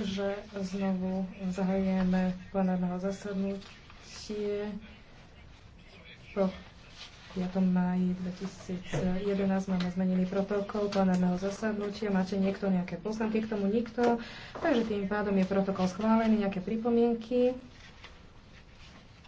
že znovu zahajujeme plenárneho zasadnutie po 5. máji 2011 máme zmenený protokol plenárneho zasadnutia. Máte niekto nejaké poznámky k tomu? Nikto. Takže tým pádom je protokol schválený, nejaké pripomienky.